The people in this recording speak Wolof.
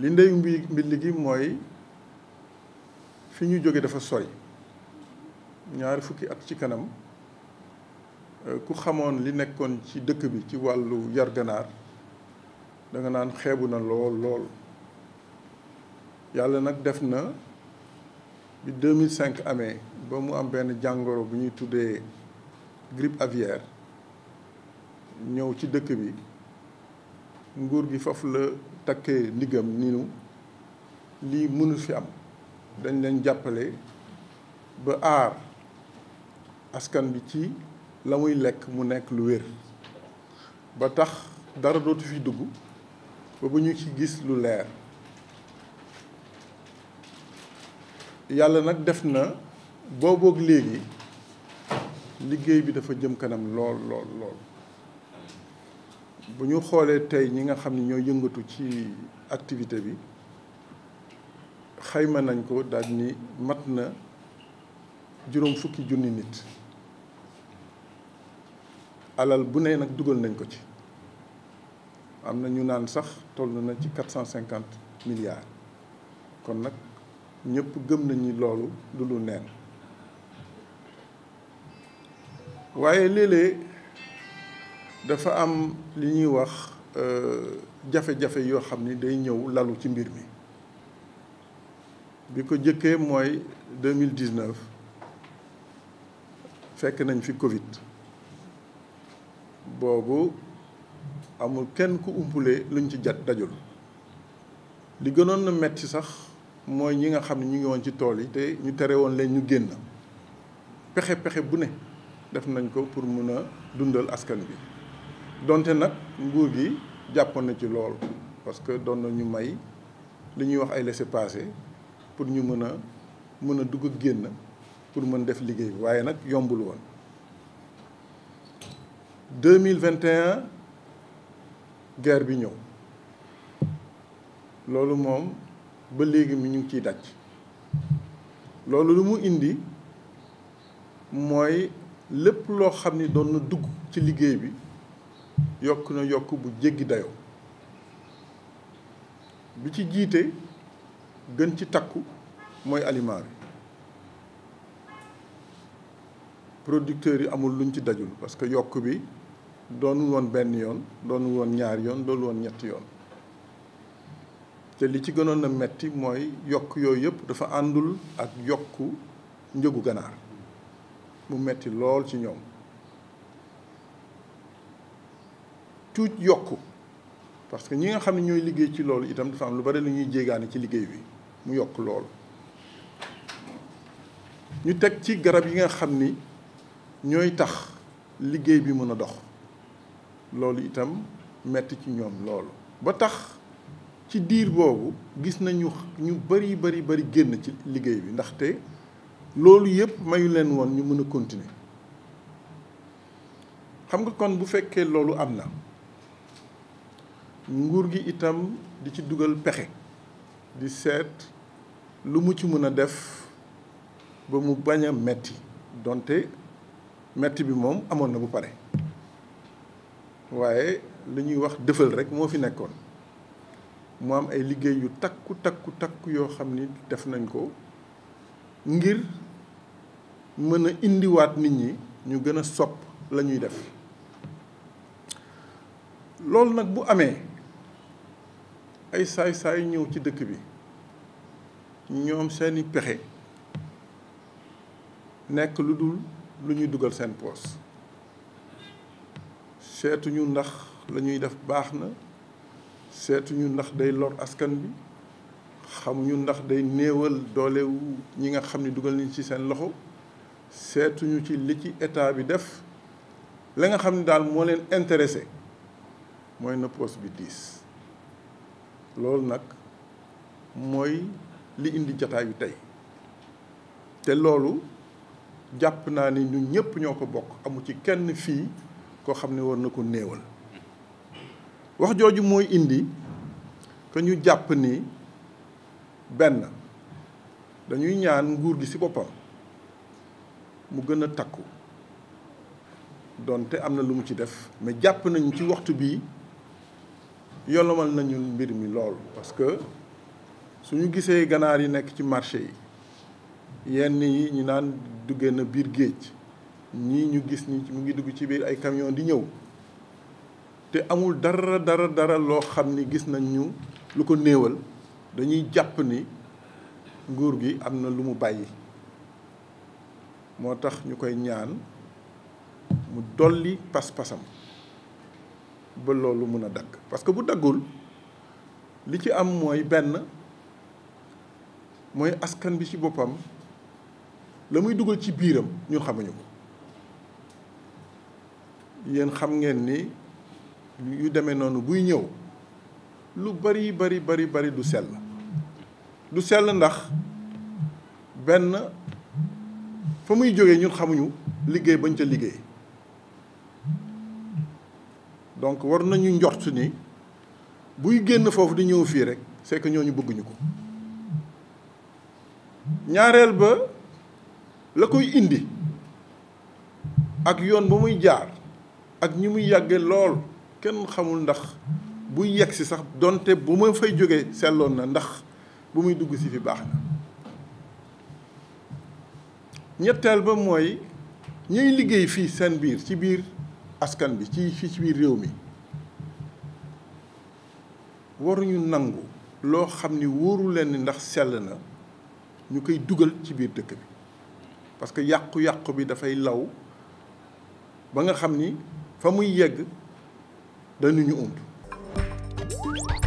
li ndeyu mbi gi mooy fi ñu jóge dafa sori ñaari fukki at ci kanam euh, ku xamoon li nekkoon ci dëkk bi ci wàllu yar ganaar danga naan xeebu na lool lool yàlla nag def na bi amee ba mu am benn jàngoro bu ñuy tuddee grippe aviaire ñëw ci dëkk bi nguur gi foofu la takkee ndiggam ni nu lii mënul fi am dañ leen jàppale ba aar askan bi ci la muy lekk mu nekk lu wér ba tax dara dootu fi dugg ba bu ñu ci gis lu leer yàlla nag def na booboog léegi liggéey bi dafa jëm kanam lool lool lool bu ñu xoolee tey ñi nga xam ne ñoo yëngatu ci activité bi xayma nañ ko daal ni mat na juróom fukki junni nit alal bu nee nag dugal nañ ko ci am na ñu naan sax toll na ci quatre cent cinquante milliards kon nag ñëpp gëm nañ loolu du lu neen waaye léeg-léeg dafa am li ñuy wax euh, jafe-jafe yoo xam ni day ñëw lalu ci mbir mi bi ko jëkkee mooy 2019 fekk nañ fi Covid boobu amul kenn ku umpule luñ ci jat dajul li gënoon na metti sax mooy ñi nga xam ne ñu ngi woon ci tool yi te ñu tere woon leen ñu génn pexe pexe bu ne def nañ ko pour mun a dundal askan bi donte nag nguur gi jàppoon na ci loolu parce que doon na ñu may li ñuy wax ay laissez-passer pour ñu mën a mën a dugg génn pour mën def liggéey bi waaye nag yombul woon. 2021 guerre bi ñëw loolu moom ba léegi mi ñu ngi ciy daj loolu lu mu indi mooy lépp loo xam ni doon na dugg ci liggéey bi. yokk na yokk bu jéggi dayoo bi ci jiite gën ci takku mooy aliment bi producteurs yi amul luñ ci dajul parce que yokk bi doonul woon benn yoon doonul woon ñaar yoon doonul woon ñetti yoon te li ci gënoon a metti mooy yokk yooyu yëpp dafa àndul ak yokk njëgu ganaar mu metti lool ci ñoom tuuj yokk parce que ñi nga xam ne ñooy liggéey ci loolu itam dafa am lu bari lu ñuy jéegaane ci liggéey bi mu yokk loolu ñu teg ci garab yi nga xam ni ñooy tax liggéey bi mën a dox loolu itam metti ci ñoom loolu ba tax ci diir boobu gis nañu ñu bari bari bari génn ci liggéey bi ndaxte loolu yépp mayu leen woon ñu mën a continuer xam nga kon bu fekkee loolu am na nguur gi itam di ci dugal pexe di seet lu mu ci mën a def ba mu bañ a metti donte metti bi moom amoon na bu pare waaye li ñuy wax dëfal rekk moo fi nekkoon mu am ay liggéey yu takku takku takku yoo xam ni def nañ ko ngir mën a indiwaat nit ñi ñu gën a sopp lañuy def loolu nag bu amee ay saay-saay ñëw ci dëkk bi ñoom seeni pexe nekk lu dul lu ñuy dugal seen poos seetuñu ndax lañuy def baax na seetuñu ndax day lor askan bi xamuñu ndax day néewal doolewu ñi nga xam ni dugal nañ ci seen loxo seetuñu ci li ci état bi def la nga xam ni daal moo leen intéressé mooy na poos bi diis loolu nag mooy li indi jataay bi tey te loolu jàpp naa ni ñun ñëpp ñoo ko bokk amu ci kenn fii koo xam ne war na ko néewal wax jooju mooy indi que ñu jàpp ni benn dañuy ñaan nguur gi ci boppam mu gën a takku donte am na lu mu ci def mais jàpp nañu ci waxtu bii yolomal nañu mbir mi loolu parce que suñu gisee ganaar yi nekk ci marché yi yenn yi ñu naan duggee na biir géej ñii ñu gis ni mu ngi dugg ci biir ay camion di ñëw te amul dara dara dara loo xam ni gis nañ ñu lu ko néewal dañuy jàpp ni nguur gi am na lu mu bàyyi moo tax ñu koy ñaan mu dolli pas-pasam ba loolu mun a dagg parce que bu daggul li ci am mooy benn mooy askan bi ci boppam la muy dugal ci biiram ñun xamuñu ko yéen xam ngeen ni yu demee noonu buy ñëw lu bari bari bari bari du sell du sell ndax benn fa muy jóge ñun xamuñu liggéey bañ ca liggéey donc war nañu njort ni buy génn foofu di ñëw fii rek c'est que ñooñu bëgguñu ko ñaareel ba la koy indi ak yoon ba muy jaar ak ñi muy yàgge lool kenn xamul ndax buy yegg si sax donte bu ma fay jógee selloon na ndax bu muy dugg si fi baax na ñetteel ba mooy ñuy liggéey fii seen biir ci biir askan bi ci fii ci biir réew mi waruñu nangu loo xam ni wóoru leen ni ndax sell na ñu koy dugal ci biir dëkk bi parce que yàqu-yàqu bi dafay law ba nga xam ni fa muy yegg dañu ñu umb